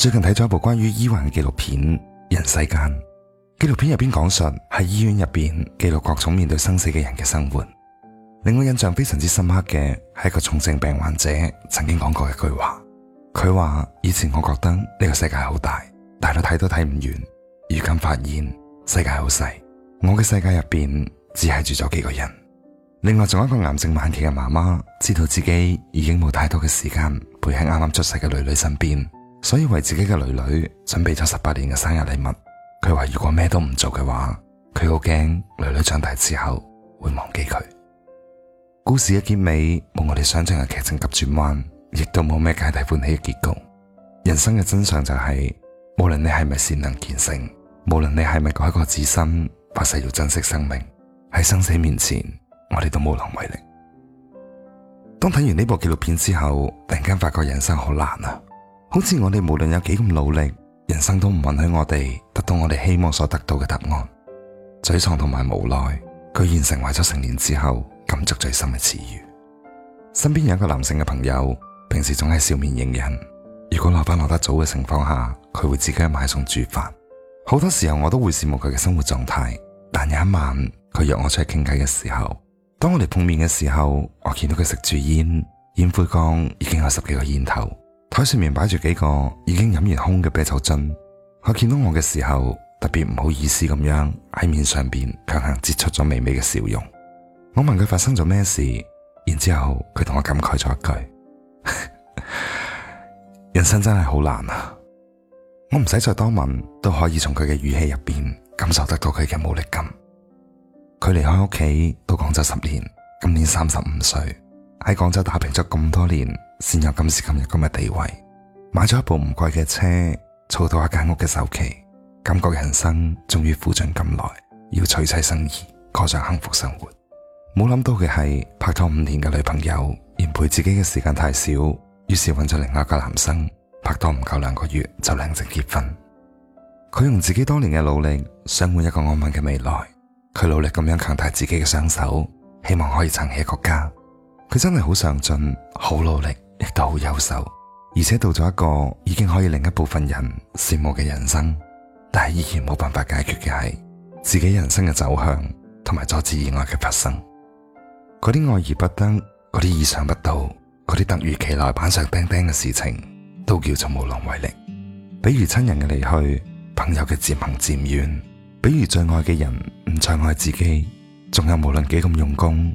最近睇咗一部關於醫患嘅紀錄片《人世間》，紀錄片入邊講述喺醫院入邊記錄各種面對生死嘅人嘅生活，令我印象非常之深刻嘅係一個重症病患者曾經講過一句話，佢話，以前我覺得呢個世界好大，大到睇都睇唔完，如今發現世界好細，我嘅世界入邊只係住咗幾個人。另外，仲有一個癌症晚期嘅媽媽知道自己已經冇太多嘅時間陪喺啱啱出世嘅女女身邊。所以為自己嘅女女準備咗十八年嘅生日禮物，佢話如果咩都唔做嘅話，佢好驚女女長大之後會忘記佢。故事嘅結尾冇我哋想象嘅劇情急轉彎，亦都冇咩解題歡喜嘅結局。人生嘅真相就係，無論你係咪善能見性，無論你係咪改過自新，發誓要珍惜生命，喺生死面前，我哋都無能為力。當睇完呢部紀錄片之後，突然間發覺人生好難啊！好似我哋無論有幾咁努力，人生都唔允許我哋得到我哋希望所得到嘅答案。沮喪同埋無奈，居然成為咗成年之後感觸最深嘅詞語。身邊有一個男性嘅朋友，平時總係笑面迎人。如果落班落得早嘅情況下，佢會自己買餸煮飯。好多時候我都會羨慕佢嘅生活狀態。但有一晚，佢約我出去傾偈嘅時候，當我哋碰面嘅時候，我見到佢食住煙，煙灰缸已經有十幾個煙頭。台上面擺住幾個已經飲完空嘅啤酒樽，佢見到我嘅時候特別唔好意思咁樣喺面上邊強行擠出咗微微嘅笑容。我問佢發生咗咩事，然之後佢同我感慨咗一句： 人生真係好難啊！我唔使再多問，都可以從佢嘅語氣入邊感受得到佢嘅無力感。佢離開屋企到廣州十年，今年三十五歲，喺廣州打拼咗咁多年。先有今時今日咁嘅地位，買咗一部唔貴嘅車，儲到一間屋嘅首期，感覺人生終於苦盡甘來，要娶妻生兒，過上幸福生活。冇諗到嘅係拍拖五年嘅女朋友，嫌陪自己嘅時間太少，於是揾咗另外一個男生拍拖唔夠兩個月就領證結婚。佢用自己多年嘅努力，想換一個安穩嘅未來。佢努力咁樣強大自己嘅雙手，希望可以撐起一個家。佢真係好上進，好努力。亦都好優秀，而且到咗一個已經可以令一部分人羨慕嘅人生，但係依然冇辦法解決嘅係自己人生嘅走向同埋阻止意外嘅發生。嗰啲愛而不得，嗰啲意想不到，嗰啲突如其來板上釘釘嘅事情，都叫做無能為力。比如親人嘅離去，朋友嘅漸行漸遠，比如最愛嘅人唔再愛自己，仲有無論幾咁用功，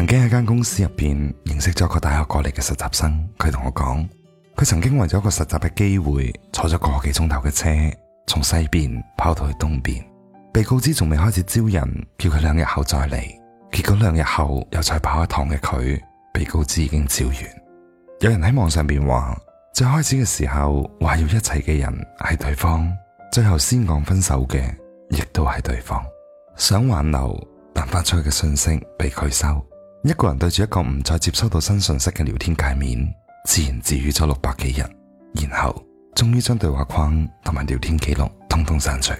曾經喺間公司入邊認識咗個大學過嚟嘅實習生，佢同我講，佢曾經為咗個實習嘅機會坐咗個幾鐘頭嘅車，從西邊跑到去東邊，被告知仲未開始招人，叫佢兩日後再嚟。結果兩日後又再跑一趟嘅佢，被告知已經招完。有人喺網上邊話，最開始嘅時候話要一齊嘅人係對方，最後先講分手嘅亦都係對方想挽留，但發出去嘅信息被拒收。一個人對住一個唔再接收到新信息嘅聊天界面，自言自語咗六百幾日，然後終於將對話框同埋聊天記錄通通刪除。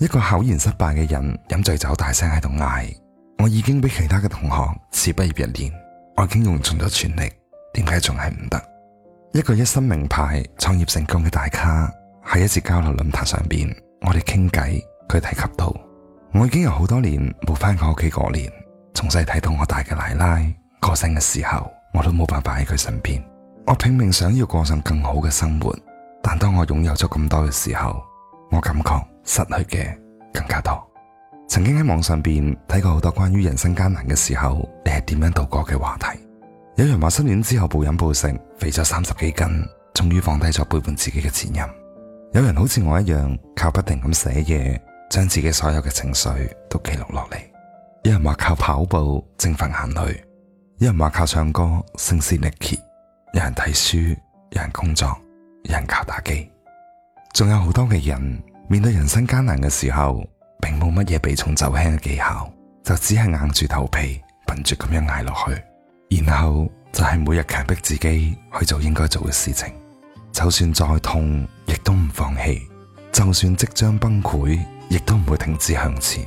一個考研失敗嘅人飲醉酒大聲喺度嗌：我已經比其他嘅同學遲畢業一年，念我已經用盡咗全力，點解仲係唔得？一個一身名牌、創業成功嘅大咖喺一次交流論壇上邊，我哋傾偈，佢提及到：我已經有好多年冇返過屋企過年。從細睇到我大嘅奶奶過身嘅時候，我都冇辦法喺佢身邊。我拼命想要過上更好嘅生活，但當我擁有咗咁多嘅時候，我感覺失去嘅更加多。曾經喺網上邊睇過好多關於人生艱難嘅時候，你係點樣度過嘅話題？有人話失戀之後暴飲暴食，肥咗三十幾斤，終於放低咗背叛自己嘅前任。有人好似我一樣，靠不停咁寫嘢，將自己所有嘅情緒都記錄落嚟。有人話靠跑步蒸發眼淚，有人話靠唱歌聲嘶力竭，有人睇書，有人工作，有人靠打機，仲有好多嘅人面對人生艱難嘅時候，並冇乜嘢避重就輕嘅技巧，就只係硬住頭皮，笨住咁樣捱落去，然後就係、是、每日強迫自己去做應該做嘅事情，就算再痛亦都唔放棄，就算即將崩潰亦都唔會停止向前。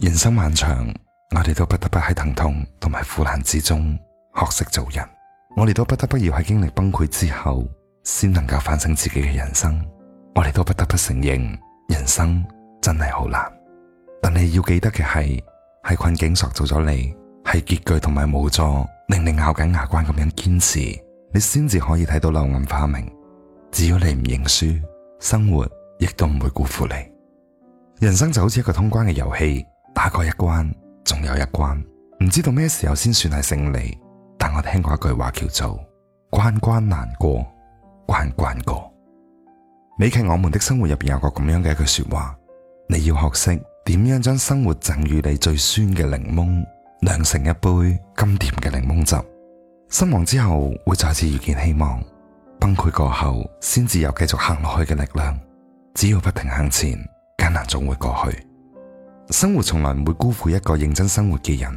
人生漫長，我哋都不得不喺疼痛同埋苦難之中學識做人。我哋都不得不要喺經歷崩潰之後，先能夠反省自己嘅人生。我哋都不得不承認，人生真係好難。但你要記得嘅係，係困境塑造咗你，係結局同埋無助，令你咬緊牙關咁樣堅持，你先至可以睇到柳暗花明。只要你唔認輸，生活亦都唔會辜負你。人生就好似一個通關嘅遊戲，打過一關，仲有一關，唔知道咩時候先算係勝利。但我聽過一句話叫做：關關難過，關關過。美劇我們的生活入邊有個咁樣嘅一句說話，你要學識點樣將生活贈予你最酸嘅檸檬釀成一杯甘甜嘅檸檬汁。失望之後會再次遇見希望，崩潰過後先至有繼續行落去嘅力量。只要不停向前，艱難總會過去。生活從來唔會辜負一個認真生活嘅人。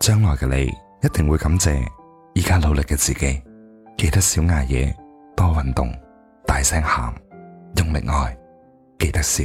將來嘅你一定會感謝而家努力嘅自己。記得少捱夜，多運動，大聲喊，用力愛，記得笑。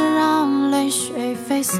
淚水飛散。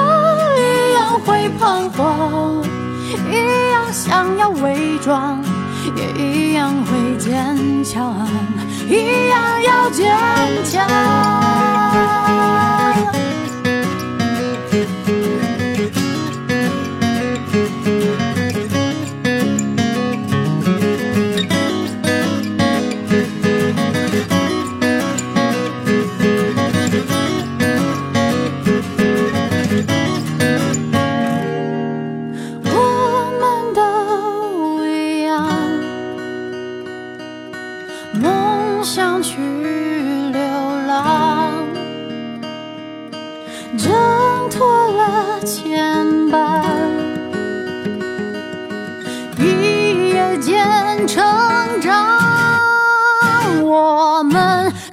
彷彿一樣想要偽裝，也一樣會堅強。一